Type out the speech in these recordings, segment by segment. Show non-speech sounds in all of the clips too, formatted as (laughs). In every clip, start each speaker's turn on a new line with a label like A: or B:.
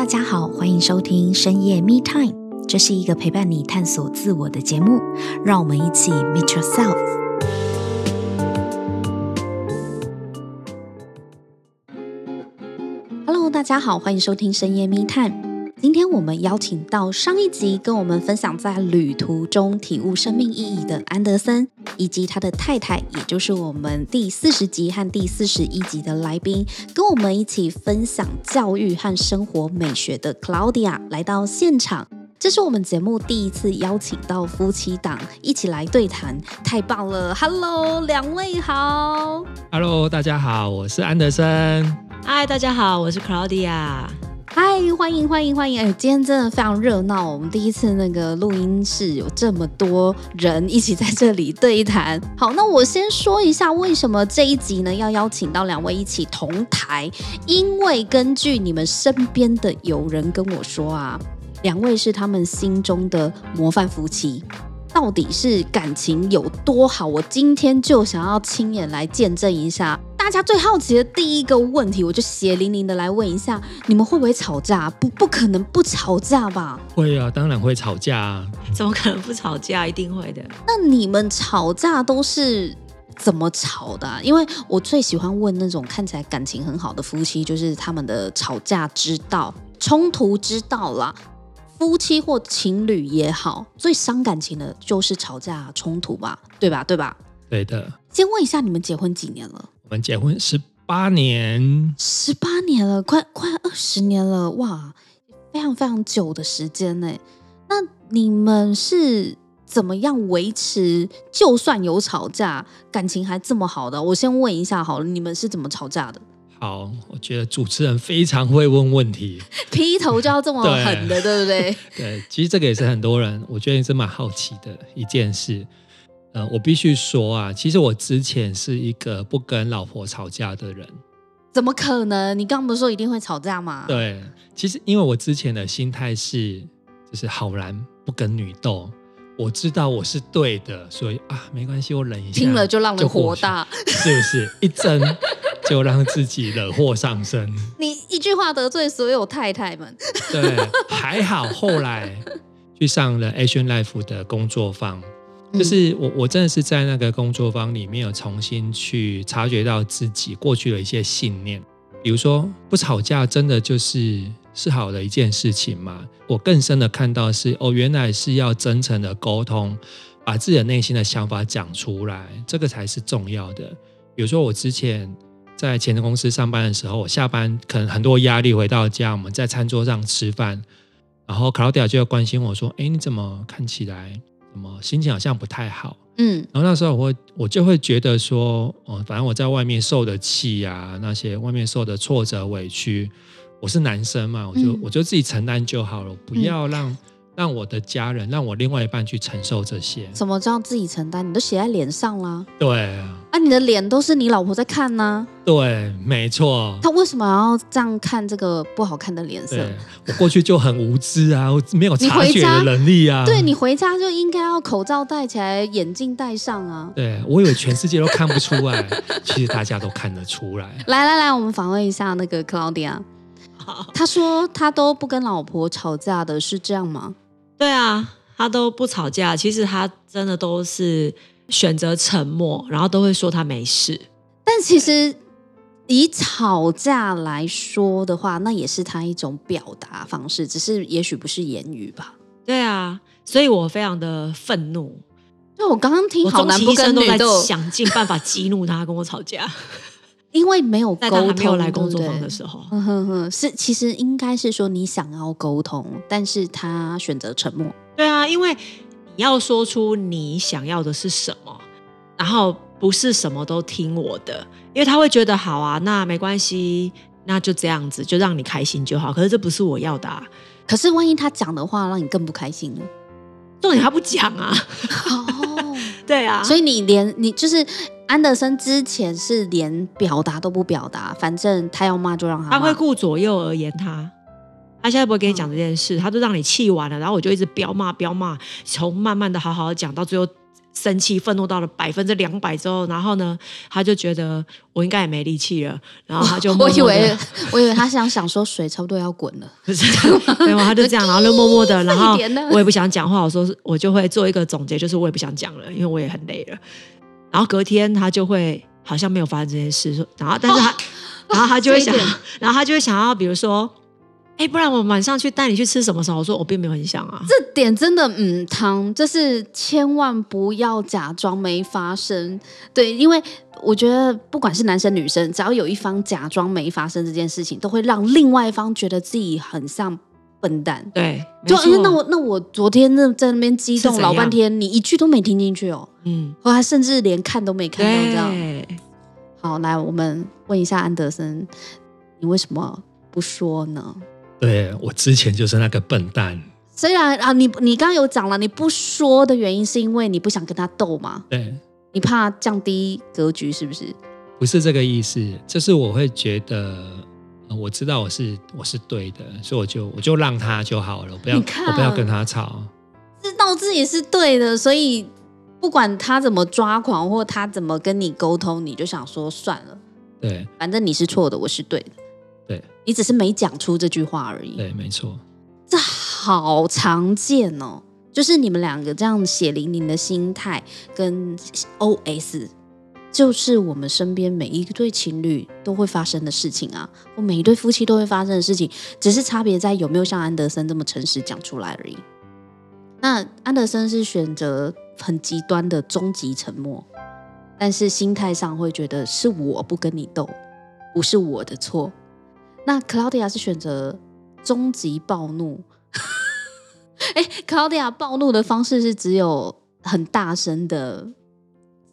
A: 大家好，歡迎收聽深夜 Me Time。這是一個陪伴你探索自我的節目，讓我們一起 meet yourself。Hello，大家好，歡迎收聽深夜 Me Time。今天我們邀請到上一集跟我們分享在旅途中體悟生命意義的安德森，以及他的太太，也就是我們第四十集和第四十一集的來賓，跟我們一起分享教育和生活美學的 Claudia 來到現場。這是我們節目第一次邀請到夫妻檔一起來對談，太棒了！Hello，兩位好。
B: Hello，大家好，我是安德森。
A: Hi，大家好，我是 Claudia。嗨，歡迎歡迎歡迎！哎，今天真的非常熱鬧，我們第一次那個錄音室有這麼多人一起在這裡對談。好，那我先說一下為什麼這一集呢要邀請到兩位一起同台，因為根據你們身邊的友人跟我說啊，兩位是他們心中的模範夫妻，到底是感情有多好，我今天就想要親眼來見證一下。大家最好奇的第一個問題，我就血淋淋的來問一下：你們會不會吵架？不，不可能不吵架吧？
B: 會啊，當然會吵架啊！嗯。
A: 怎麼可能不吵架？一定會的。那你們吵架都是怎麼吵的啊？因為我最喜歡問那種看起來感情很好的夫妻，就是他們的吵架之道、衝突之道啦。夫妻或情侶也好，最傷感情的就是吵架衝突吧？對吧？對吧？對的。先問一下，你們結婚幾年了？
B: 我們結婚十八年，
A: 十八年了，快快二十年了，哇，非常非常久的時間呢、欸。那你們是怎麼樣維持？就算有吵架，感情還這麼好的？我先問一下好了，你們是怎麼吵架的？
B: 好，我覺得主持人非常會問問題，
A: (laughs) 劈頭就要這麼狠的，對不 (laughs) 對？對，
B: 其實這個也是很多人， (laughs) 我覺得也是蠻好奇的一件事。呃，我必須說啊，其實我之前是一個不跟老婆吵架的人，
A: 怎麼可能？你剛剛不是說一定會吵架嗎？
B: 對，其實因為我之前的心態是，就是好男不跟女鬥，我知道我是對的，所以啊，沒關係，我忍一下。聽了
A: 就讓人火大，是
B: 不是？一爭就讓自己惹禍上身，
A: 你一句話得罪所有太太們。
B: 對，還好後來去上了 Action Life 的工作坊。就是我，我真的是在那個工作坊裡面有重新去察覺到自己過去的一些信念，比如說不吵架真的就是是好的一件事情嘛。我更深的看到的是，哦，原來是要真誠的溝通，把自己的內心的想法講出來，這個才是重要的。比如說我之前在前程公司上班的時候，我下班可能很多壓力回到家，我們在餐桌上吃飯，然後 Claudia 就要關心我說，哎，你怎麼看起來？麼心情好像不太好，嗯，然後那時候我會我就會覺得說，哦、呃，反正我在外面受的氣啊，那些外面受的挫折委屈，我是男生嘛，我就、嗯、我就自己承擔就好了，不要讓、嗯、讓我的家人，讓我另外一半去承受這些。
A: 怎麼叫自己承擔？你都寫在臉上啦。對。啊，你的臉都是你老婆在看呢，啊。
B: 對，沒錯。他
A: 為什麼要這樣看這個不好看的臉色？
B: 我過去就很無知啊，我沒有察覺的能力啊。你，對，
A: 你回家就應該要口罩戴起來，眼鏡戴上啊。
B: 對，我以為全世界都看不出來， (laughs) 其實大家都看得出來。
A: 來來來，我們訪問一下那個 Claudia。好，他說他都不跟老婆吵架的，是這樣嗎？
C: 對啊，他都不吵架。其實他真的都是。選擇沉默，然後都會說他沒事。
A: 但其實對以吵架來說的話，那也是他一種表達方式，只是也許不是言語吧。
C: 對啊，所以我非常的憤怒。
A: 那我剛剛聽，好男不跟女鬥，想
C: 盡辦法激怒他，跟我吵架，
A: (laughs) 因為沒有溝通。 (laughs) 沒有來工作房的時候，啊、是其實應該是說你想要溝通，但是他選擇沉默。
C: 對啊，因為。你要說出你想要的是什麼，然後不是什麼都聽我的，因為他會覺得好啊，那沒關係，那就這樣子，就讓你開心就好。可是這不是我要的啊。可是萬一他講的
A: 話讓你更不開心呢？
C: 重點他不講啊。哦
A: ，oh. (laughs) 對啊，所以你連你就是安德森之前是連表達都不表達，反正他要罵就讓他，
C: 他會顧左右而言他。他現在不會跟你講這件事，嗯、他就讓你氣完了，然後我就一直飆罵飆罵，從慢慢的好好的講，到最後生氣憤怒到了百分之兩百之後，然後呢，他就覺得我應該也沒力氣了，然後他就默默的我，我以為
A: 我以為他想想說水差不多要滾了，沒有 (laughs) 嗎， (laughs) 他就這樣，然後就默默
C: 的，然後我也不想講話，我說我就會做一個總結，就是我也不想講了，因為我也很累了。然後隔天他就會好像沒有發生這件事，然後但是他、哦哦、然後他就會想，然後他就會想要比如說，哎，不然我晚上去帶你去吃什麼時候，我說我並沒有很想啊。這
A: 點真的，嗯，湯就是千萬不要假裝沒發生。對，因為我覺得不管是男生女生，只要有一方假裝沒發生這件事情，都會讓另外一方覺得自己很像笨蛋。對，就、嗯、那我那我昨天那在那邊激動老半天，你一句都沒聽進去哦。嗯，後來甚至連看都沒看到這樣。到。對，好，來我們問一下安德森，你為什麼不說呢？
B: 對，我之前就是那個笨蛋。
A: 雖然啊，你你剛剛有講了，你不說的原因是因為你不想跟他鬥嘛？
B: 對，
A: 你怕降低格局是不是？
B: 不是這個意思，就是我會覺得、呃、我知道我是我是對的，所以我就我就讓他就好了，我不要看我不要跟他吵，
A: 知道自己是對的，所以不管他怎麼抓狂或他怎麼跟你溝通，你就想說算了。對，反正你是錯的，我是對的。對，你只是沒講出這句話而已。對，
B: 沒錯，
A: 這好常見哦。就是你們兩個這樣血淋淋的心態跟 OS，就是我們身邊每一對情侶都會發生的事情啊，或每一對夫妻都會發生的事情，只是差別在有沒有像安德森這麼誠實講出來而已。那安德森是選擇很極端的終極沉默，但是心態上會覺得是我不跟你鬥，不是我的錯。那 Claudia 是選擇終極暴怒，哎、 (laughs) 欸，Claudia 暴怒的方式是只有很大聲的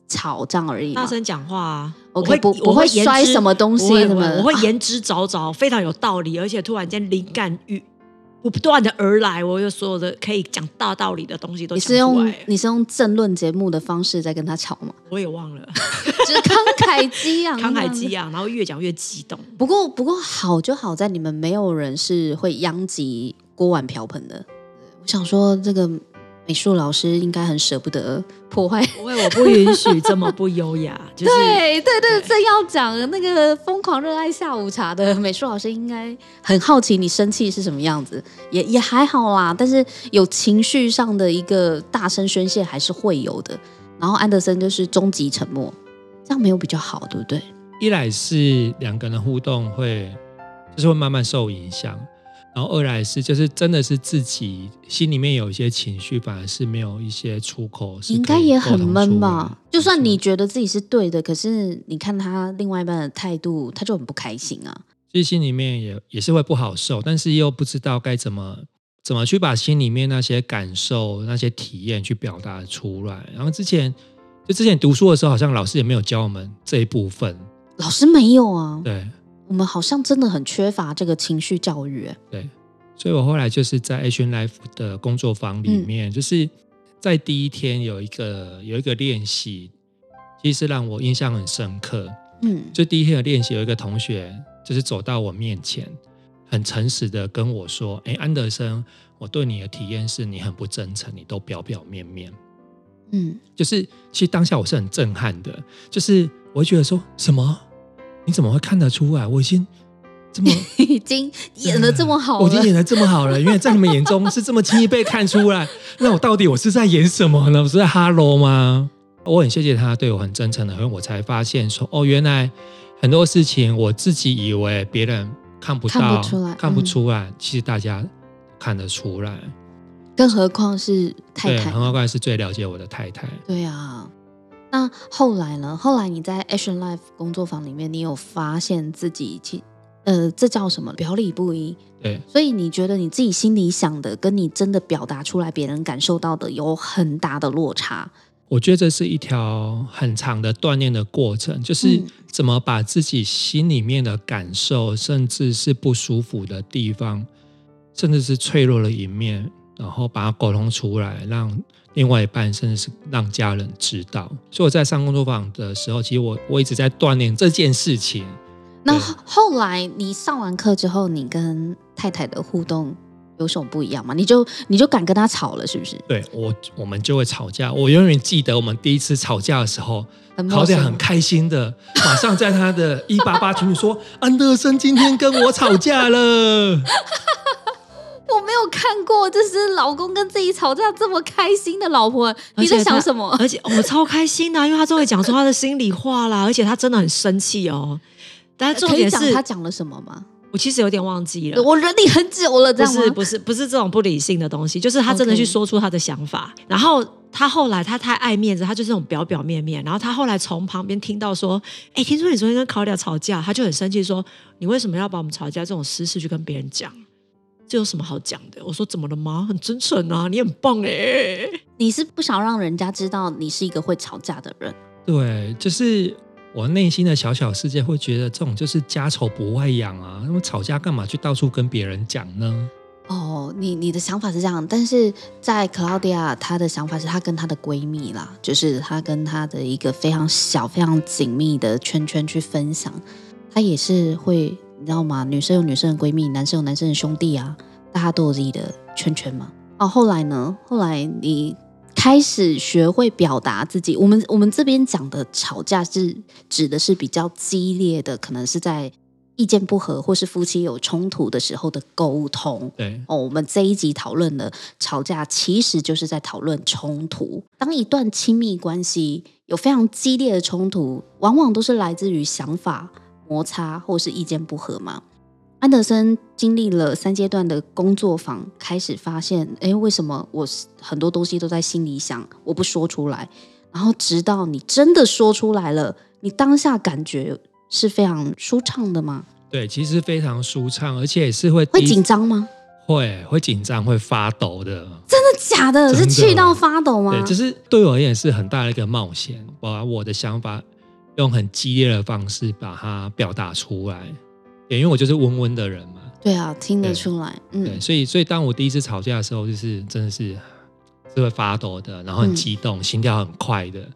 A: 吵仗，而已，大
C: 聲講話啊，okay, 我會不會摔什麼東西？會會什麼？我會言之鑿鑿， (laughs) 非常有道理，而且突然間靈感語。我不斷的而來，我有所有的可以講大道理的東西都講出來了。你是
A: 用你是用政論節目的方式在跟他吵嗎？
C: 我也忘了， (laughs) 就是慷慨激昂， (laughs) 慷慨激昂，看看然後越講越激動。
A: 不過不過好就好在你們沒有人是會殃及鍋碗瓢盆的。我,我想說這個。美術老師應該很舍不得破壞，因為我不允許這麼不優雅。 (laughs) 就是對對對，對正要講那個瘋狂熱愛下午茶的美術老師，應該 (laughs) 很好奇你生氣是什麼樣子，也也還好啦。但是有情緒上的一個大聲宣泄還是會有的。然後安德森就是終極沉默，這樣沒有比較好，對不對？
B: 一來是兩個人的互動會，就是會慢慢受影響。然後，二來是就是真的是自己心裡面有一些情緒，反而是沒有一些出口，應該也很悶
A: 吧。就算你覺得自己是對的，可是你看他另外一半的態度，他就很不開心啊。
B: 其實心裡面也也是會不好受，但是又不知道該怎麼怎麼去把心裡面那些感受、那些體驗去表達出來。然後之前就之前讀書的時候，好像老師也沒有教我們這一部分。
A: 老師沒有啊？對。我們好像真的很缺乏這個情緒教育。欸，
B: 對，所以我後來就是在 Action Life 的工作坊裡面，嗯、就是在第一天有一個有一個練習，其實讓我印象很深刻。嗯，就第一天的練習，有一個同學就是走到我面前，很誠實的跟我說：“哎，安德森，我對你的體驗是你很不真誠，你都表表面面。”嗯，就是其實當下我是很震撼的，就是我會覺得說什麼。你怎麼會看得出來？我已經
A: 這麼 (laughs) 已經演得這麼好了，我已經演得
B: 這麼好了，因為在你們眼中是這麼輕易被看出來。 (laughs) 那我到底我是在演什麼呢？我是在 Hello 嗎？ (laughs) 我很謝謝他對我很真誠的，因為我才發現說，哦，原來很多事情我自己以為別人看不到、看不出來，其實大家看得出來。
A: 更何況是太太，
B: 更何況是最了解我的太太。
A: 對啊。那後來呢？後來你在 Action Life 工作坊裡面，你有發現自己，其呃，這叫什麼？表裡不一。對，所以你覺得你自己心裡想的，跟你真的表達出來，別人感受到的有很大的落差。
B: 我覺得這是一條很長的鍛鍊的過程，就是怎麼把自己心裡面的感受，嗯、甚至是不舒服的地方，甚至是脆弱的一面。然後把它溝通出來，讓另外一半，甚至是讓家人知道。所以我在上工作坊的時候，其實我我一直在鍛鍊這件事情。
A: 那後來你上完課之後，你跟太太的互動有什麼不一樣嗎？你就你就敢跟他吵了，是不是？
B: 對，我我們就會吵架。我永遠記得我們第一次吵架的時候，
A: 好像、嗯、很開心的，嗯、馬上在他的一八八群裡說：“ (laughs) 安德
B: 森今天跟我吵架了。” (laughs)
A: 我沒有看過，就是老公跟自己吵架這麼開心的老婆，你在想什麼？而且我、哦、超開心的，啊，因
C: 為他終於講出他的心裡話啦， (laughs) 而且他真的很生氣哦、喔。但重點是、呃、可以講他講了什麼嗎？我其實有點忘記了，我忍你很久了這樣。不，不是不是不是這種不理性的東西，就是他真的去說出他的想法。Okay 然後他後來他太愛面子，他就是這種表表面面。然後他後來從旁邊聽到說，哎、欸，聽說你昨天跟 Claudia 吵架，他就很生氣，說你為什麼要把我們吵架這種私事去跟別人講？這有什麼好講的？我說怎麼了嗎？很真
A: 誠啊，你很棒哎、欸！你是不想讓人家知道你是一個會吵架的人？
B: 對，就是我內心的小小世界會覺得這種就是家醜不外揚啊，那麼吵架幹嘛去到處跟別人講呢？
A: 哦，你你的想法是這樣，但是在 Claudia 她的想法是她跟她的閨蜜啦，就是她跟她的一個非常小、非常緊密的圈圈去分享，她也是會。你知道嗎？女生有女生的閨蜜，男生有男生的兄弟啊，大家都有自己的圈圈嘛。哦，後來呢？後來你開始學會表達自己。我們我們這邊講的吵架是指的是比較激烈的，可能是在意見不合或是夫妻有衝突的時候的溝通。對哦，我們這一集討論的吵架其實就是在討論衝突。當一段親密關係有非常激烈的衝突，往往都是來自於想法摩擦或是意見不合嗎？安德森經歷了三階段的工作坊，開始發現，哎，為什麼我是很多東西都在心裡想，我不說出來。然後直到你真的說出來了，你當下感覺是非常舒暢的嗎？
B: 對，其實非常舒暢，而且也是會，會緊張嗎？會，會緊張，會發抖的。真
A: 的假的？真的？是氣到發抖嗎？對，其、就是
B: 對我而言是很大的一個冒險，把我的想法。用很激烈的方式把它表達出來，也因為我就是溫溫的人嘛。
A: 對啊，聽得出來。嗯、對，
B: 所以，所以當我第一次吵架的時候，就是真的是是會發抖的，然後很激動，嗯、心跳很快的的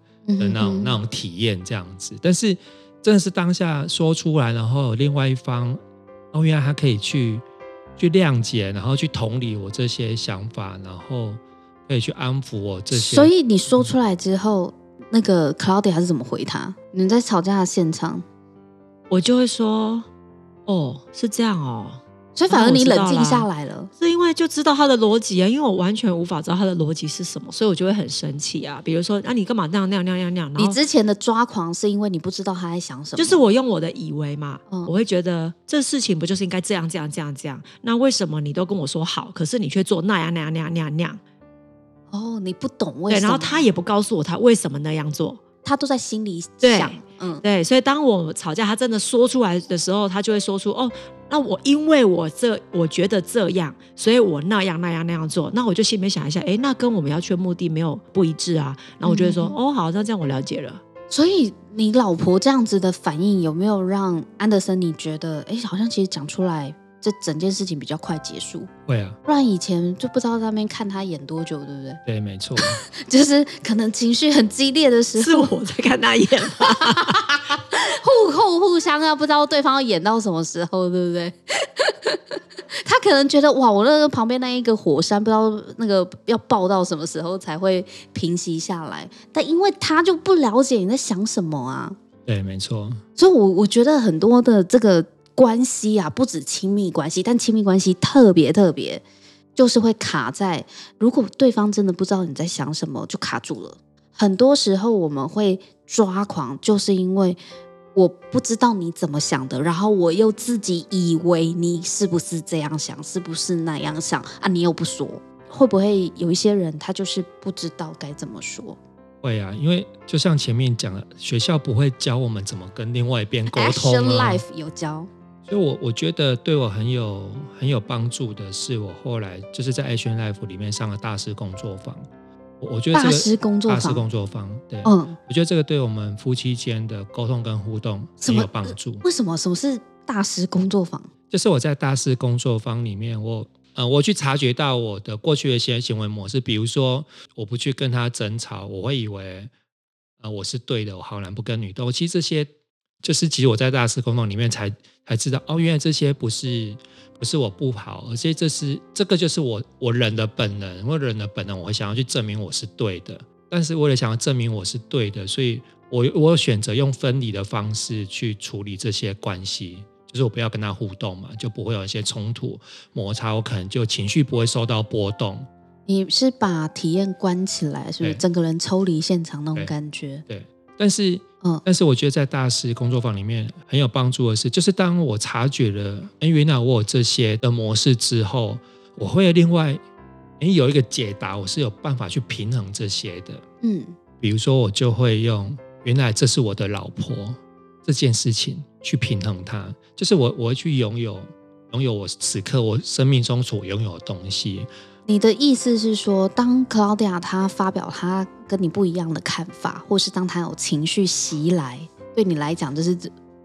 B: 那種、嗯、哼哼那種體驗，這樣子。但是真的是當下說出來，然後另外一方哦，原來他可以去去諒解，然後去同理我這些想法，然後可以去安撫我這些。所以
A: 你說出來之後，那個 Claudia 還是怎麼回他？你們在吵架的現場，我就會說：“
C: 哦，是這樣哦。”
A: 所以反而你冷靜下來了，
C: 是因為就知道他的邏輯啊。因為我完全無法知道他的邏輯是什麼，所以我就會很生氣啊。比如說，那、啊、你幹嘛那樣那樣那樣那樣那樣？你之
A: 前的抓狂是因為你不知道他在想什麼。就是我
C: 用我的以為嘛，我會覺得這事情不就是應該這樣這樣這樣這樣？那為什麼你都跟我說好，可是你卻做那那樣那樣那樣那樣？
A: 哦，oh, 你不懂為什麼？然後他
C: 也不告訴我他為什麼那樣做，
A: 他都在心裡想，對嗯，
C: 對，所以當我吵架，他真的說出來的時候，他就會說出哦，那我因為我這我覺得這樣，所以我那樣那樣那樣做，那我就心裡想一下，哎，那跟我們要去的目的沒有不一致啊，然後我就會說，嗯、哦，好，那這樣我了解
A: 了。所以你老婆這樣子的反應，有沒有讓安德森你覺得，哎，好像其實講出來？這整件事情比較快結束，會啊，不然以前就不知道在那邊看他演多久，對不對？
B: 對，沒錯，
A: (laughs) 就是可能情緒很激烈的時候，是我在看他演，啊， (laughs) 互扣互相啊，不知道對方要演到什麼時候，對不對？ (laughs) 他可能覺得哇，我那個旁邊那一個火山不知道那個要爆到什麼時候才會平息下來，但因為他就不了解你在想什麼啊。
B: 對，沒錯，
A: 所以我，我我覺得很多的這個。關係啊，不止親密關係，但親密關係特別特別，就是會卡在，如果對方真的不知道你在想什麼，就卡住了。很多時候我們會抓狂，就是因為我不知道你怎麼想的，然後我又自己以為你是不是這樣想，是不是那樣想啊？你又不說，會不會有一些人他就是不知道該怎麼說？
B: 會啊，因為就像前面講的，學校不會教我們怎麼跟另外一邊溝通啊，Action Life
A: 有教。就我
B: 我覺得對我很有很有幫助的是，我後來就是在 Action Life 裡面上了大師工作坊。我，我覺得、這個、大師大師工作坊，對，嗯，我覺得這個對我們夫妻間的溝通跟互動很有幫助。什為
A: 什麼？什麼是大師工
B: 作坊？就是我在大師工作坊裡面，我呃，我去察覺到我的過去的一些行為模式，比如說，我不去跟他爭吵，我會以為啊、呃，我是對的，我好男不跟女鬥，其實這些。就是其實我在大師工作裡面才才知道哦，原來這些不是不是我不好，而且這是這個就是我我人的本能，我人的本能，我會想要去證明我是對的。但是為了想要證明我是對的，所以我我選擇用分離的方式去處理這些關係，就是我不要跟他互動嘛，就不會有一些衝突、摩擦，我可能就情緒不會受到波動。
A: 你是把體驗關起來，是不是對整個人抽離現場那種感覺？對。
B: 對但是，嗯、哦，但是我覺得在大師工作坊裡面很有幫助的是，就是當我察覺了，哎、欸，原來我有這些的模式之後，我會另外，哎、欸，有一個解答，我是有辦法去平衡這些的，嗯，比如說我就會用原來這是我的老婆這件事情去平衡她，就是我我會去擁有，擁有我此刻我生命中所擁有的東西。
A: 你的意思是說，當 Claudia 她發表她跟你不一樣的看法，或是當她有情緒襲來，對你來講就是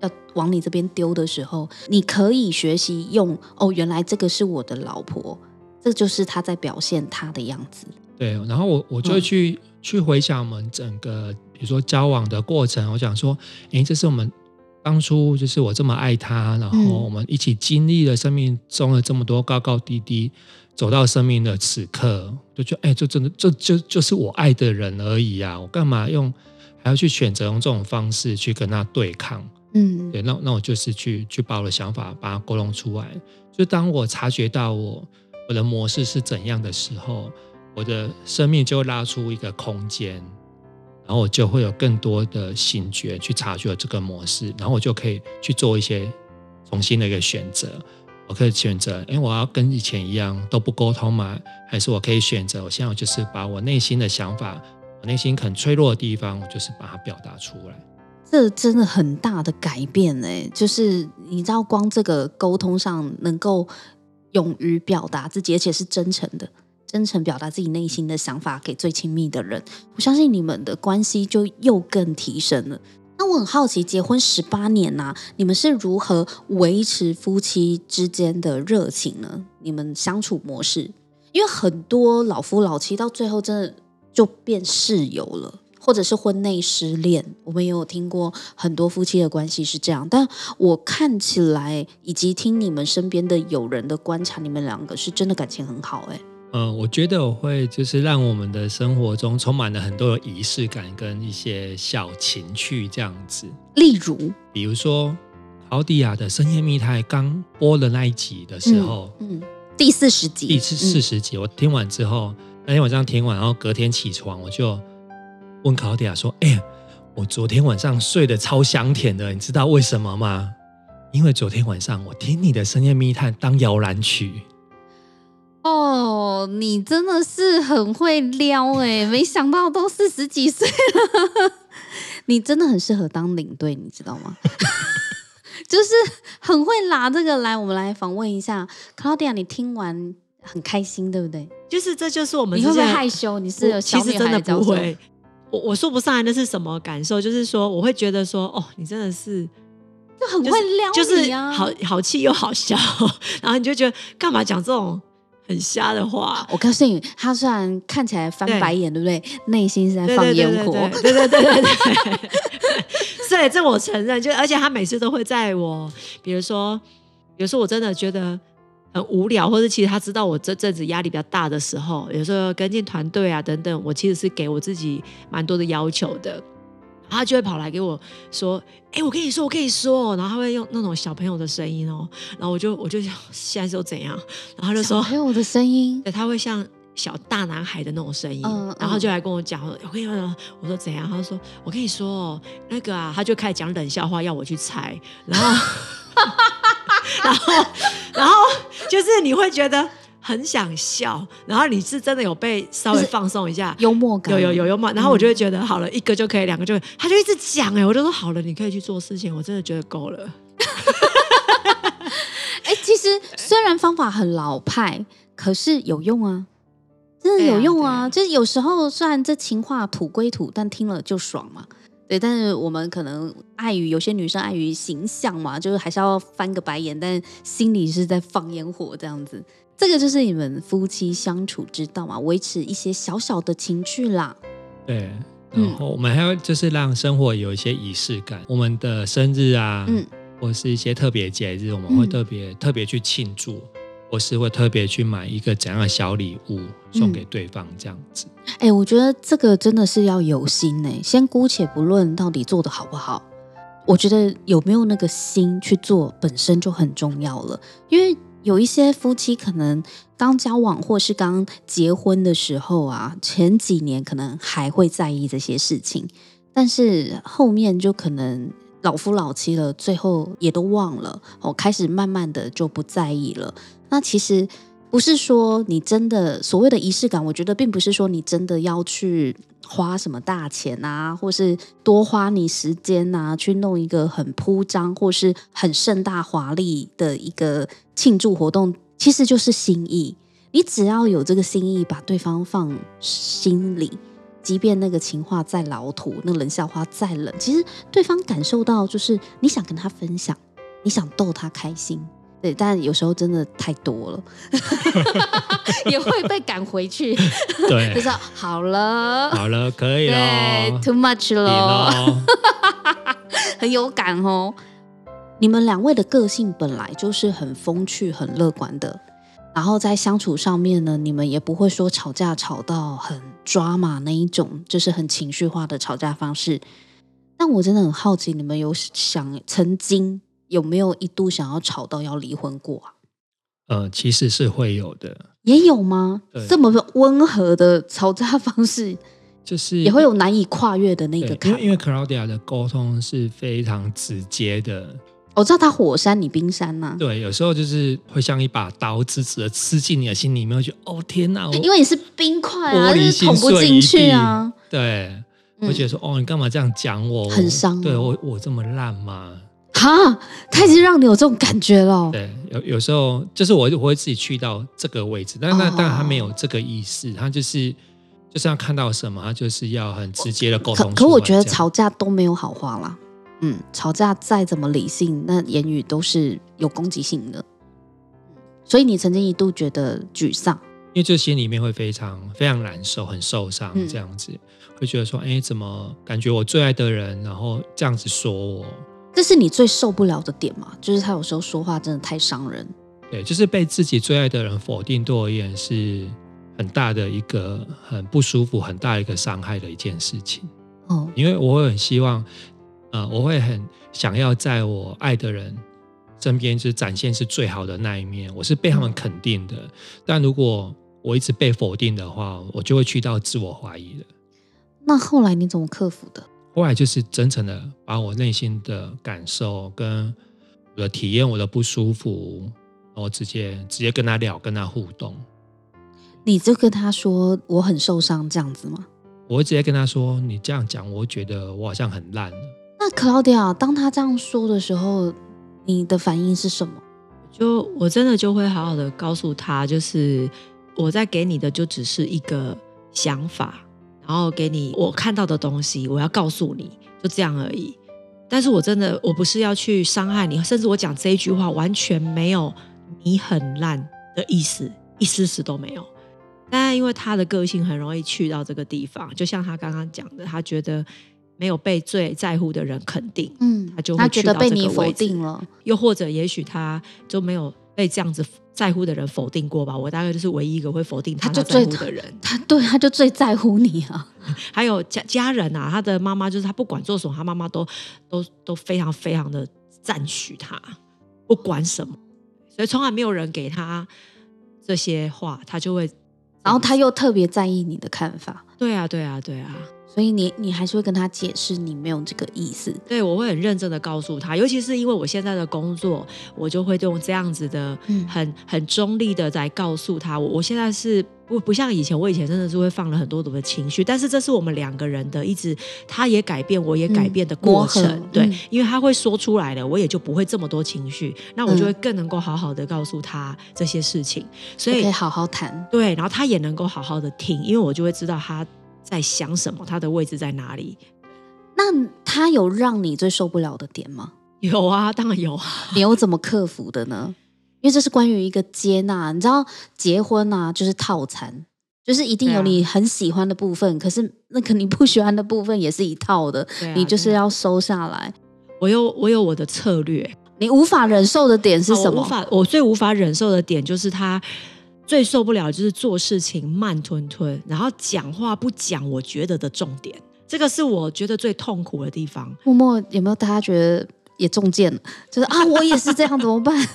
A: 要往你這邊丟的時候，你可以學習用哦，原來這個是我的老婆，這就是她在表現她的樣子。
B: 對，然後我我就去、嗯、去回想我們整個，比如說交往的過程，我想說，誒，這是我們。當初就是我這麼愛他，然後我們一起經歷了生命中的這麼多高高低低，走到生命的此刻，就覺得：欸「哎，這真的這就就，就是我愛的人而已啊！我幹嘛用還要去選擇用這種方式去跟他對抗？嗯，對，那那我就是去去把我的想法把它溝通出來。就當我察覺到我我的模式是怎樣的時候，我的生命就拉出一個空間。然後我就會有更多的醒覺去察覺這個模式，然後我就可以去做一些重新的一個選擇。我可以選擇，哎，我要跟以前一樣都不溝通嗎？還是我可以選擇，我現在我就是把我內心的想法，我內心很脆弱的地方，就是把它表達出來。
A: 這真的很大的改變誒、欸，就是你知道，光這個溝通上能夠勇於表達自己，而且是真誠的。真誠表達自己內心的想法給最親密的人，我相信你們的關係就又更提升了。那我很好奇，結婚十八年吶、啊，你們是如何維持夫妻之間的熱情呢？你們相處模式？因為很多老夫老妻到最後真的就變室友了，或者是婚內失戀。我們也有聽過很多夫妻的關係是這樣，但我看起來以及聽你們身邊的友人的觀察，你們兩個是真的感情很好、欸，誒。
B: 嗯，我覺得我會就是讓我們的生活中充滿了很多的儀式感跟一些小情趣這樣子。例如，比如說 Claudia 的《深夜密探》剛播了那一集的時候，
A: 嗯，嗯，第四十集，第四四
B: 十集。嗯，我聽完之後，那天晚上聽完，然後隔天起床，我就問 Claudia 說：“哎呀，我昨天晚上睡得超香甜的，你知道為什麼嗎？因為昨天晚上我聽你的《深夜密探》當搖籃曲。”
A: 哦，oh, 你真的是很會撩，哎、欸！ (laughs) 沒想到都四十幾歲了， (laughs) 你真的很適合當領隊，你知道嗎？ (laughs) (laughs) 就是很會拿這個來，我們來訪問一下，Claudia，你聽完很開心對不對？就是這就
C: 是我們，你會不會害羞？你是其實真的不會，我我說不上來那是什麼感受， (laughs) 就是說我會覺得說哦，你真的是
A: 就很會撩，就是，就是好，
C: 啊，好氣又好笑， (laughs) 然後你就覺得幹嘛講這種？很瞎的話，
A: 我告訴你，他雖然看起來翻白眼，對不對？內心是在放煙火，對對對對對。
C: 所以這我承認，就而且他每次都會在我，比如說，比如說我真的覺得很無聊，或者其實他知道我這陣子壓力比較大的時候，有時候跟進團隊啊等等，我其實是給我自己蠻多的要求的。然後他就會跑來給我說：“哎、欸，我跟你說，我跟你說。”然後他會用那種小朋友的聲音哦、喔，然後我就我就現在說怎樣，然後他就說：“用我的聲音。”對，他會像小大男孩的那種聲音，uh, uh. 然後就來跟我講：“我跟你說，我說怎樣？”他就說：“我跟你說，那個啊。”他就開始講冷笑話要我去猜，然後， (laughs) (laughs) 然後，然後，然後就是你會覺得。很想笑，然後你是真的有被稍微放鬆一下幽默感，有有有幽默，然後我就會覺得、嗯、好了，一個就可以，兩個就可以，他就一直講哎、欸，我就說好了，你可以去做事情，我真的覺得夠了。
A: 哎、 (laughs) (laughs) 欸，其實對雖然方法很老派，可是有用啊，真的有用啊，啊啊就是有時候雖然這情話土歸土，但聽了就爽嘛。對，但是我們可能礙於有些女生礙於形象嘛，就是還是要翻個白眼，但心裡是在放煙火這樣子。這個就是你們夫妻相處之道嘛，維持一些小小的情趣啦。
B: 對，嗯、然後我們還要就是讓生活有一些儀式感。我們的生日啊，嗯，或是一些特別節日，我們會特別、嗯、特別去慶祝，或是會特別去買一個怎樣的小禮物送給對方，嗯、這樣子。哎、
A: 欸，我覺得這個真的是要有心呢、欸。先姑且不論到底做得好不好，我覺得有沒有那個心去做本身就很重要了，因為。有一些夫妻可能剛交往或是剛結婚的時候啊，前幾年可能還會在意這些事情，但是後面就可能老夫老妻了，最後也都忘了，哦，開始慢慢的就不在意了。那其實。不是說你真的所謂的儀式感，我覺得並不是說你真的要去花什麼大錢啊，或是多花你時間啊，去弄一個很鋪張或是很盛大華麗的一個慶祝活動。其實就是心意，你只要有這個心意，把對方放心裡，即便那個情話再老土，那冷笑話再冷，其實對方感受到就是你想跟他分享，你想逗他開心。但有時候真的太多了， (laughs) 也會被趕回去。 (laughs) 對，就是好了，好
B: 了，可以了
A: ，too much 了。咯 (laughs) 很有感哦。你們兩位的個性本來就是很風趣、很樂觀的，然後在相處上面呢，你們也不會說吵架吵到很抓馬那一種，就是很情緒化的吵架方式。但我真的很好奇，你們有想曾經？有沒有一度想要吵到要離婚過啊？
B: 呃、嗯，其實是會有的。
A: 也有嗎？對，這麼溫和的吵架方式，就是也會有難以跨越的那個
B: 坎。因為，因為 Claudia 的溝通是非常直接的，
A: 我知道他火山你冰山嘛、啊。
B: 對，有時候就是會像一把刀，直直的刺進你的心裡面，去。哦，天哪、啊！我因為你
A: 是冰塊啊，你力是捅不進去啊。
B: 對，會覺得說，嗯、哦，你幹嘛這樣講我？很傷、啊。對我，我這麼爛嗎？
A: 他，他已經讓你有這種感覺了。對，
B: 有有時候就是我我會自己去到這個位置，但那、哦、他，他沒有這個意思。他就是就是要看到什麼，他就是要很直接的溝通。可。可我覺得吵
A: 架都沒有好話啦。嗯，吵架再怎麼理性，那言語都是有攻擊性的。所以你曾經一度覺得沮喪，
B: 因為就心裡面會非常非常難受，很受傷，嗯、這樣子會覺得說：“哎，怎麼感覺我最愛的人，然後這樣子說我？”
A: 這是你最受不了的點嗎？就是他有時候說話真的太傷人。
B: 對，就是被自己最愛的人否定，對我而言是很大的一個很不舒服、很大的一個傷害的一件事情。哦，因為我會很希望，呃，我會很想要在我愛的人身邊就是展現是最好的那一面，我是被他們肯定的。但如果我一直被否定的話，我就會去到自我懷疑了。
A: 那後來你怎麼克服的？
B: 後來就是真誠的把我內心的感受跟我的體驗，我的不舒服，然後直接直接跟他聊，跟他互動。
A: 你就跟他說我很受傷這樣子嗎？
B: 我會直接跟他說，你這樣講，我覺得我好像很爛。
A: 那 Claudia，當他這樣說的時候，你的反應是什麼？
C: 就我真的就會好好的告訴他，就是我在給你的就只是一個想法。然後給你我看到的東西，我要告訴你，就這樣而已。但是我真的我不是要去傷害你，甚至我講這一句話完全沒有你很爛的意思，一絲絲都沒有。但因為他的個性很容易去到這個地方，就像他剛剛講的，他覺得沒有被最在乎的人肯定，嗯，他就會他覺得被你否定了。又或者也許他就沒有被這樣子。在乎的人否定過吧，我大概就是唯一一個會否定他，他就最，他在乎的人。
A: 他，他對，他就最在乎你啊。
C: 還有家家人啊，他的媽媽就是他不管做什麼，他媽媽都都都非常非常的讚許他，不管什麼，所以從來沒有人給他這些話，他就會。
A: 然後他又特別在意你的看法。
C: 對啊，對啊，對啊。
A: 所以你你還是會跟他解釋你沒有這個
C: 意思。對，我會很認真的告訴他，尤其是因為我現在的工作，我就會用這樣子的很、嗯、很中立的來告訴他，我我現在是不不像以前，我以前真的是會放了很多多的情緒，但是這是我們兩個人的一直他也改變，我也改變的過程，嗯、對，嗯、因為他會說出來的，我也就不會這麼多情緒，那我就會更能夠好好的告訴他這些事情，所以可以、okay, 好好談，對，然後他也能夠好好的聽，因為我就會知道他。在想什麼？他的位置在哪裡？
A: 那他有讓你最受不了的點嗎？
C: 有啊，當然有、啊。
A: 你有怎麼克服的呢？嗯、因為這是關於一個接納。你知道，結婚啊，就是套餐，就是一定有你很喜歡的部分，啊、可是那個你不喜歡的部分也是一套的，啊、你就是要收下來、
C: 啊。我有，我有我的策略。你
A: 無法忍受的點是什麼？啊、我無法，
C: 我最無法忍受的點就是他。最受不了的就是做事情慢吞吞，然後講話不講我覺得的重點，這個是我覺得最痛苦的地方。
A: 默默有沒有？大家覺得也中箭了，就是啊，我也是這樣， (laughs) 怎麼辦？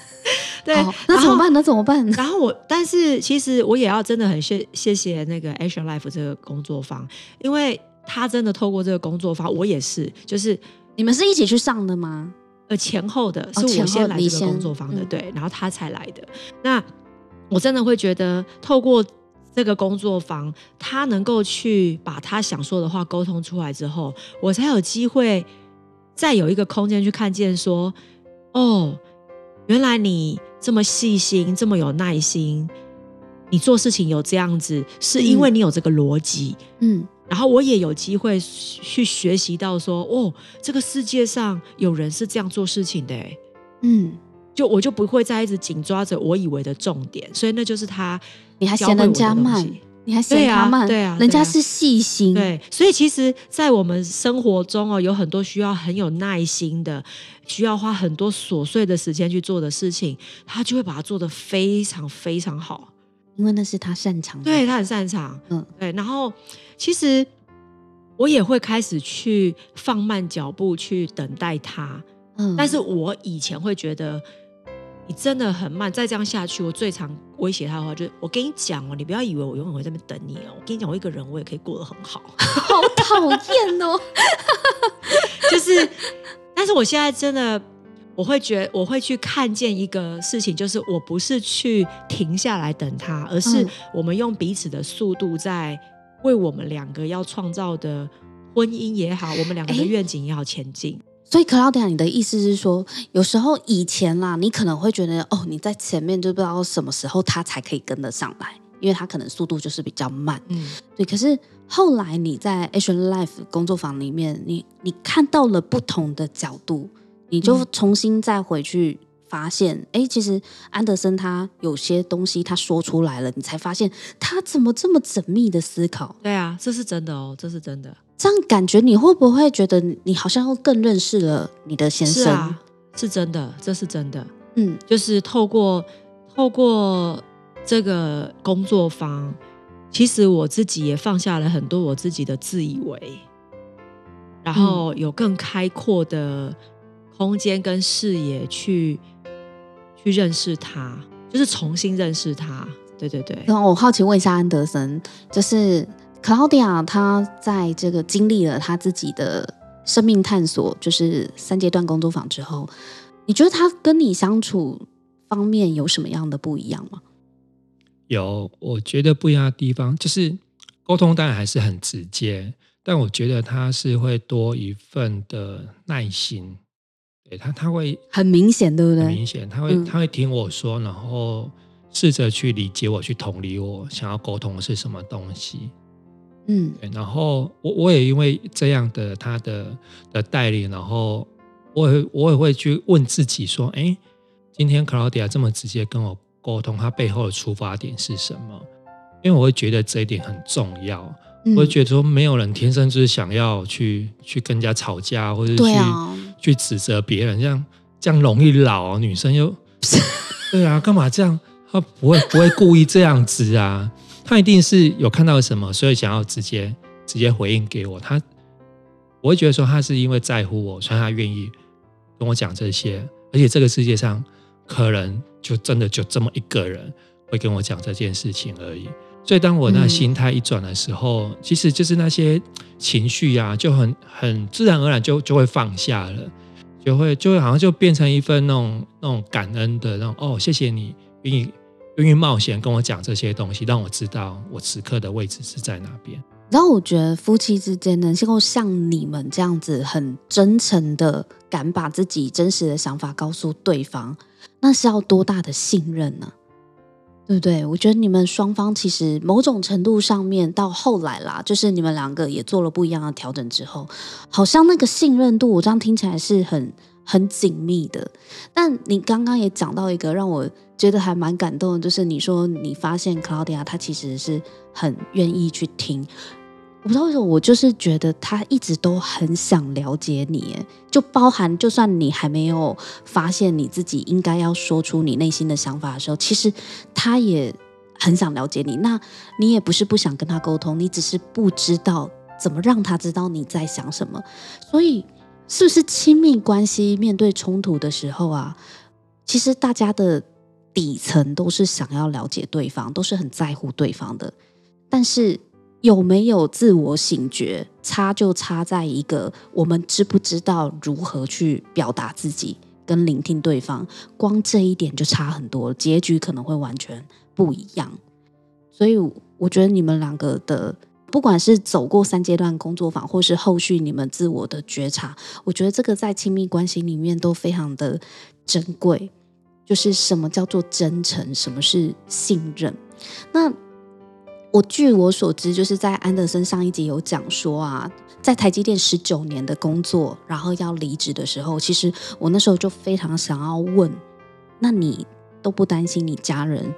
A: 對、哦，那怎麼辦？後那怎麼辦？然後我，但是其實我也要真的很謝，謝謝那個
C: Action Life 這個工作坊，因為他真的透過這個工作坊，我也是，就是你們是一起去上的嗎？呃，前後的。哦、是我先來這個工作坊的，對，嗯、然後他才來的。那我真的會覺得，透過這個工作坊，他能夠去把他想說的話溝通出來之後，我才有機會再有一個空間去看見說，說哦，原來你這麼細心，這麼有耐心，你做事情有這樣子，是因為你有這個邏輯。嗯，嗯，然後我也有機會去學習到說，說哦，這個世界上有人是這樣做事情的。嗯。就我就不會再一直緊抓着我以為的重點，所以那就是他，你還嫌人家慢，
A: 你還嫌人家慢。對、啊，對啊，對啊對啊，人家是
C: 細心，對，所以其實，在我們生活中哦、喔，有很多需要很有耐心的，需要花很多瑣碎的時間去做的事情，他就會把它做得非常非常好，因為那是他擅長的，對，他很擅長，嗯，對，然後其實我也會開始去放慢腳步去等待他，嗯，但是我以前會覺得。你真的很慢，再這樣下去，我最常威脅他的話就是：我跟你講哦，你不要以為我永遠會在這邊等你哦。我跟你講，我一個人我也可以過得很好。好討厭哦， (laughs) 就是，但是我現在真的，我會覺得我會去看見一個事情，就是我不是去停下來等他，而是我們用彼此的速度在為我們兩個要創造的婚姻也好，我們兩個的願景也好
A: 前進。欸所以，Claudia，你的意思是說，有時候以前啦，你可能會覺得，哦，你在前面就不知道什麼時候他才可以跟得上來，因為他可能速度就是比較慢，嗯，對。可是後來你在 Action Life 工作坊裡面，你你看到了不同的角度，你就重新再回去。嗯發現誒，其實安德森他有些東西他說出來了，你才發現他怎麼這麼縝密的思考。
C: 對啊，這是真的哦，這是真的。
A: 這樣感覺你會不會覺得你好像又更認識了你的先生？是
C: 啊，是真的，這是真
A: 的。嗯，
C: 就是透過透過這個工作坊，其實我自己也放下了很多我自己的自以為，然後有更開闊的空間跟視野去。去認識他，就是重新認識他。對對對。那、
A: 哦、我好奇問一下安德森，就是 Claudia，他在這個經歷了他自己的生命探索，就是三階段工作坊之後，你覺得他跟你相處方面有什麼樣的不一樣嗎？
B: 有，我覺得不一樣的地方就是溝通，當然還是很直接，但我覺得他是會多一份的耐心。對，他他會很明顯，對不對？很明顯，他會他會聽我說。嗯、然後試着去理解我，去同理我想要溝通的是什麼東西。嗯，然後我我也因為這樣的他的的帶領，然後我也我也會去問自己說，哎，今天 Claudia 這麼直接跟我溝通，他背後的出發點是什麼？因為我會覺得這一點很重要。嗯、我會覺得說，沒有人天生就是想要去去跟人家吵架，或者是去。去指責別人，這樣這樣容易老。女生又，對啊，幹嘛這樣？她不會不會故意這樣子啊？她一定是有看到什麼，所以想要直接直接回應給我。他，我會覺得說，他是因為在乎我，所以他願意跟我講這些。而且這個世界上可能就真的就這麼一個人會跟我講這件事情而已。所以，當我那心態一轉的時候，嗯、其實就是那些情緒啊，就很很自然而然就就會放下了，就會就會好像就變成一份那種那種感恩的那種哦，謝謝你願意願意冒險跟我講這些東西，讓我知道我此刻的位置是在哪邊。
A: 然後我覺得夫妻之間能夠像你們這樣子很真誠的敢把自己真實的想法告訴對方，那是要多大的信任呢、啊？對不對？我覺得你們雙方其實某種程度上面到後來啦，就是你們兩個也做了不一樣的調整之後，好像那個信任度，我這樣聽起來是很很緊密的。但你剛剛也講到一個讓我覺得還蠻感動的，就是你說你發現 Claudia 她其實是很願意去聽。我不知道為什麼，我就是覺得他一直都很想了解你，就包含就算你還沒有發現你自己應該要說出你內心的想法的時候，其實他也很想了解你。那你也不是不想跟他溝通，你只是不知道怎麼讓他知道你在想什麼。所以，是不是親密關係面對衝突的時候啊，其實大家的底層都是想要了解對方，都是很在乎對方的，但是。有沒有自我醒覺，差就差在一個我們知不知道如何去表達自己跟聆聽對方，光這一點就差很多，結局可能會完全不一樣。所以我覺得你們兩個的，不管是走過三階段工作坊，或是後續你們自我的覺察，我覺得這個在親密關係裡面都非常的珍貴，就是什麼叫做真誠，什麼是信任，那。我據我所知，就是在安德森上一集有講說啊，在台積電十九年的工作，然後要離職的時候，其實我那時候就非常想要問，那你都不擔心你家人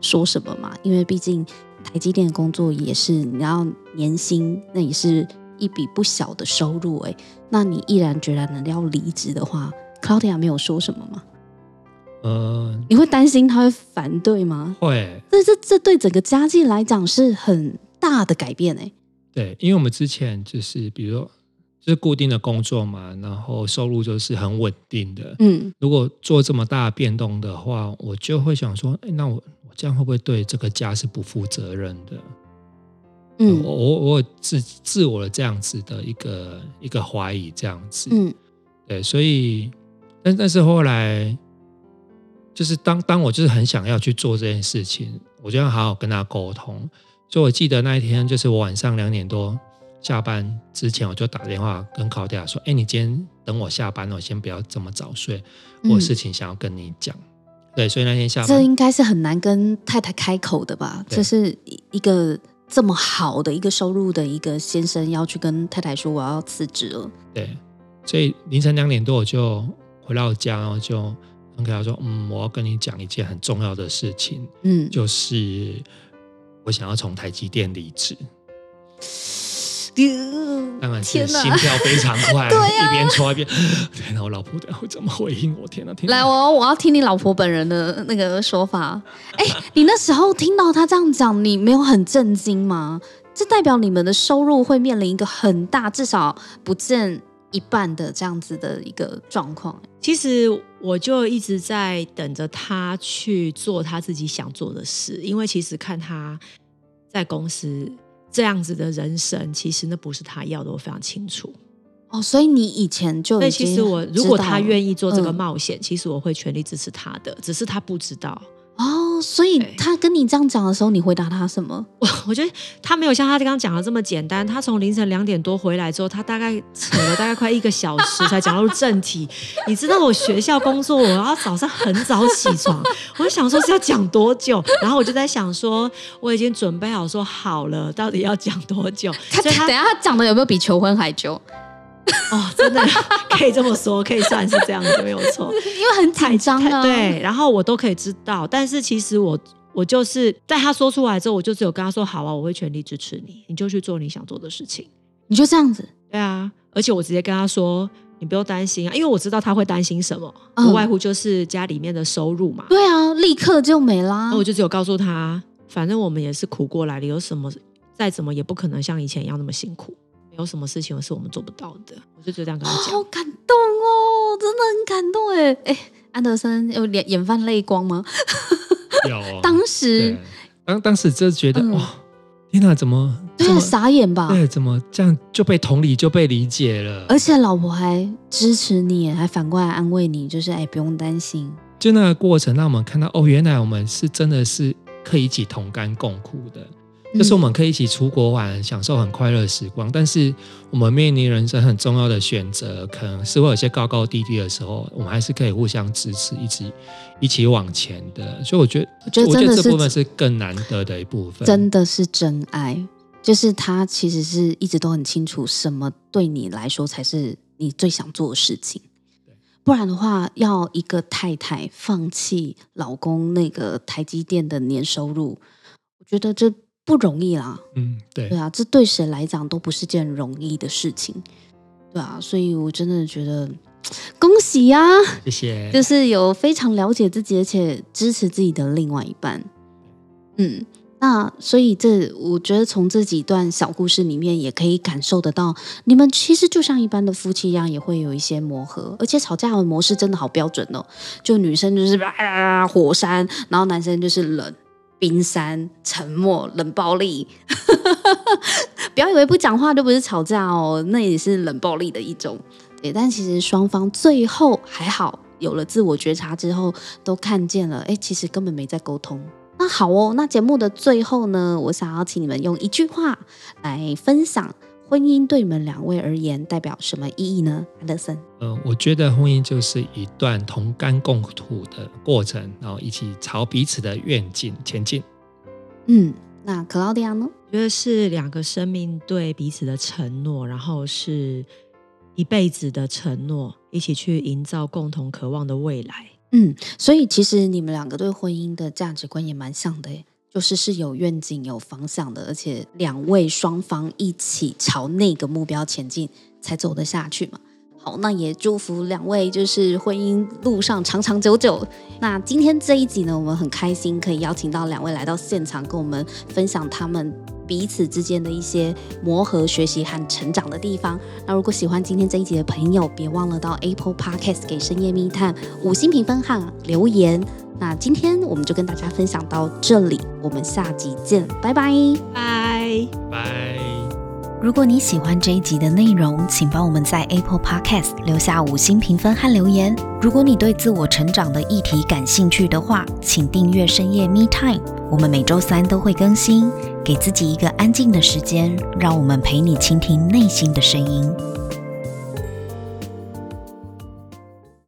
A: 說什麼嗎？因為畢竟台積電的工作也是你要年薪，那也是一筆不小的收入哎、欸，那你毅然決然的要離職的話，Claudia 沒有說什麼嗎？嗯，呃、你會擔心他會反對嗎？會，那這這對整個家境來講是很大的改變誒、欸。
B: 對，因為我們之前就是，比如說，就是固定的工作嘛，然後收入就是很穩定的。嗯，如果做這麼大的變動的話，我就會想說，哎、欸，那我我這樣會不會對這個家是不負責任的？嗯，我我，我自自我的這樣子的一個一個懷疑，這樣子。嗯，對，所以，但但是後來。就是當當我就是很想要去做這件事情，我就要好好跟他溝通。所以我記得那一天，就是我晚上兩點多下班之前，我就打電話跟 Claudia 說：“哎，你今天等我下班了，我先不要這麼早睡，我事情想要跟你講。嗯”對，所以那天下班這應
A: 該是很難跟太太開口的吧？這對是一個這麼好的一個收入的一個先生，要去跟太太說我要辭職了。
B: 對，所以凌晨兩點多我就回到家，然後就。跟他說，嗯，我要跟你講一件很重要的事情，嗯，就是我想要從台積電離職。
A: 當然、嗯啊、心跳非常快，啊、一邊說一邊，啊、
B: 天哪、啊，我老婆會怎麼回應我？天
A: 哪、啊啊，天、啊、來、哦，我我要聽你老婆本人的那個說法。欸、你那時候聽到他這樣講，你沒有很震驚嗎？這代表你們的收入會面臨一個很大，至少不見一半的這樣子的一個狀況，
C: 其實我就一直在等着他去做他自己想做的事，因為其實看他，在公司這樣子的人生，其實那不是他要的，我非常清楚。
A: 哦，所以你以前就以其實我如果他願意做這個
C: 冒險，嗯，其實我會全力支持他的，只是他不知
A: 道哦。所以他跟你這樣講的時候，你回答他什麼？我我覺得他
C: 沒有像他剛剛講的這麼簡單。他從凌晨兩點多回來之後，他大概扯了大概快一個小時才講入正題。 (laughs) 你知道我學校工作，我要早上很早起床。我就想說是要講多久，然後我就在想說我已經準備好說好了，到底要講多久？他，所以他
A: 等下他講的有沒有比求婚還久？
C: (laughs) 哦，真的可以這麼說，可以算是這樣子，沒有錯，因為很緊張啊。對，然後我都可以知道，但是其實我，我就是在他說出來之後，我就只有跟他說，好啊，我會全力支持你，你就去做你想做的事情，
A: 你就這樣子。
C: 對啊，而且我直接跟他說，你不用擔心啊，因為我知道他會擔心什麼，不外乎就是家裡面的收入嘛。嗯、
A: 對啊，立刻就沒啦。那我就
C: 只有告訴他，反正我們也是苦過來的，有什麼再怎麼也不可能像以前一樣那麼辛苦。沒有什麼事情是我們做不到的，我就覺得這樣跟他講、哦、好
A: 感動哦，真的很感動哎，安德森有眼眼泛淚光嗎？有 (laughs)
B: 當時當。當時，當當時就是覺得哇、嗯哦，天哪，怎麼？
A: 對，傻眼吧？對，
B: 怎麼這樣就被同理，就被理解了？而
A: 且老婆還支持你，還反過來安慰你，就是哎，不用擔心。
B: 就那個過程，讓我們看到哦，原來我們是真的是可以一起同甘共苦的。就是我們可以一起出國玩，嗯，享受很快樂的時光。但是我們面臨人生很重要的選擇，可能是會有些高高低低的時候，我們還是可以互相支持，一起一起往前的。所以我覺得，我覺得真的，我覺得這部分是更難得的一部分。真
A: 的是真愛，就是他其實是一直都很清楚，什麼對你來說才是你最想做的事情。對，不然的話，要一個太太放棄老公那個台積電的年收入，我覺得這。不容易啦，嗯，對，對啊，這對誰來講都不是件容易的事情，對啊，所以我真的覺得恭喜呀，啊，
B: 謝謝，就是
A: 有非常了解自己而且支持自己的另外一半，嗯，那所以這我覺得從這幾段小故事裡面也可以感受得到，你們其實就像一般的夫妻一樣，也會有一些磨合，而且吵架的模式真的好標準哦，就女生就是，啊，火山，然後男生就是冷。冰山沉默，冷暴力。 (laughs) 不要以為不講話就不是吵架哦，那也是冷暴力的一種。對，但其實雙方最後還好，有了自我覺察之後，都看見了，哎、欸，其實根本沒在溝通。那好哦，那節目的最後呢，我想要請你們用一句話來分享，婚姻對你們兩位而言代表什麼意義呢？安德森，嗯，
B: 我覺得婚姻就是一段同甘共苦的過程，然後一起朝彼此的願景前進。嗯，
A: 那克勞迪亞呢？我覺得是
C: 兩個生命對彼此的承諾，然後是一輩子的承諾，一起去營造共同渴望的未
A: 來。嗯，所以其實你們兩個對婚姻的價值觀也蠻像的耶。就是是有願景、有方向的，而且兩位雙方一起朝那個目標前進，才走得下去嘛。好，那也祝福兩位，就是婚姻路上長長久久。那今天這一集呢，我們很開心可以邀請到兩位來到現場，跟我們分享他們。彼此之間的一些磨合、學習和成長的地方。那如果喜歡今天這一集的朋友，別忘了到 Apple Podcast 給《深夜密探》五星評分和留言。那今天我們就跟大家分享到這裡，我們下集見，拜拜拜拜。Bye. Bye. 如果你喜歡這一集的內容，請幫我們在 Apple Podcast 留下五星評分和留言。如果你對自我成長的議題感興趣的話，請訂閱《深夜密探》。我們每周三都會更新，給自己一個安靜的時間，讓我們陪你傾聽內心的聲音。